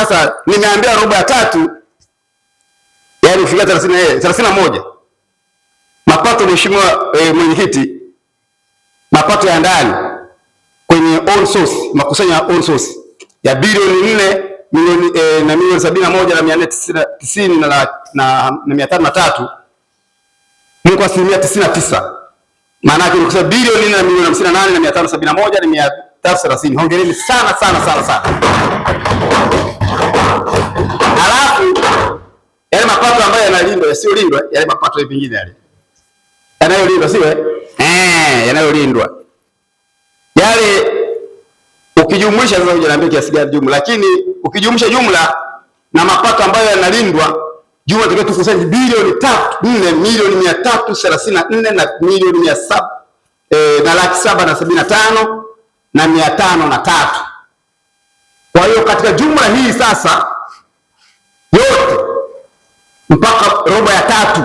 Sasa nimeambia robo ya tatu, yaani kufikia eh, thelathini na moja mapato mheshimiwa e, mwenyekiti, mapato ya ndani kwenye own source, makusanyo ya own source ya bilioni nne milioni e, na milioni sabini na moja na mia nne tisini na mia tano na tatu ni kwa asilimia tisini na tisa maana yake ni bilioni nne na milioni hamsini na nane na mia tano sabini na moja na mia tatu thelathini. Hongereni sana sana sana sana. yaliyolindwa yasiyolindwa, yale mapato mengine yale yanayolindwa, sio eh, eh yanayolindwa yale. Ukijumlisha sasa, hujaniambia kiasi gani jumla, lakini ukijumlisha jumla na mapato ambayo yanalindwa jumla tukio tukusanye bilioni 3 milioni 334 na milioni mia eh, na laki saba na sabini na tano na mia Kwa hiyo katika jumla hii sasa yote mpaka robo ya tatu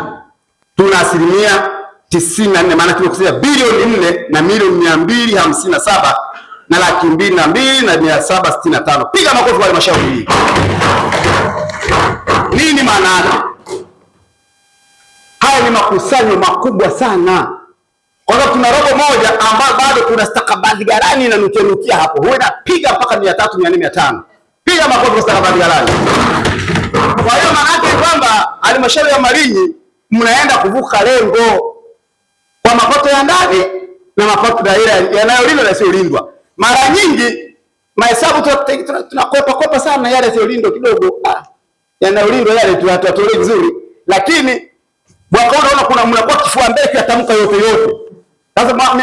tuna asilimia tisini na nne maana tumekusanya bilioni nne na milioni mia mbili hamsini na saba na laki mbili na mbili na mia saba sitini na tano. Piga makofi kwa halmashauri hii. Nini maana yake? Haya ni makusanyo makubwa sana, kwa sababu tuna robo moja ambayo bado kuna stakabadhi ghalani inanukianukia hapo, huenda piga mpaka mia tatu mia nne mia tano. Piga makofi kwa stakabadhi ghalani halmashauri ya Malinyi mnaenda kuvuka lengo kwa mapato ya ndani na mapato ya ile yanayolindwa na yasiyolindwa. Mara nyingi mahesabu tunakopa kopa sana yale yasiyolindwa kidogo, ah, yanayolindwa yale tunatoa vizuri, lakini mwaka huu naona kuna mnakuwa kifua mbele kiatamka yote yote. Sasa kwa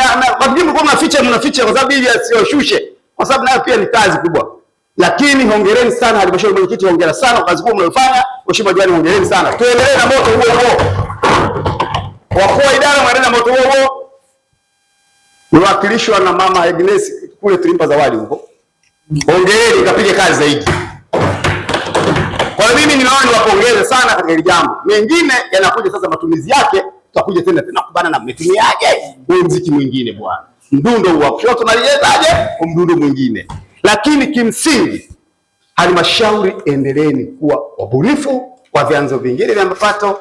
mnaficha mnaficha mnaficha kwa sababu ili asiyoshushe, kwa sababu nayo pia ni kazi kubwa, lakini hongereni sana halmashauri, mwenyekiti, hongera sana kwa kazi kubwa mnayofanya kushindwa jani muendelevu sana. Tuendelee na moto huo huo. Wakuu wa idara mwendelee na moto huo huo. Niwakilishwa na Mama Agnes kule tulimpa zawadi huko. Ongeeni kapige kazi zaidi. Kwa hiyo mimi ninaona niwapongeze sana katika hili jambo. Mengine yanakuja sasa matumizi yake tutakuja tena tena kubana na mmetumiaje? mziki mwingine bwana. Mdundo wa kushoto naliletaje? Mdundo mwingine. Lakini kimsingi Halmashauri endeleeni kuwa wabunifu kwa vyanzo vingine vya mapato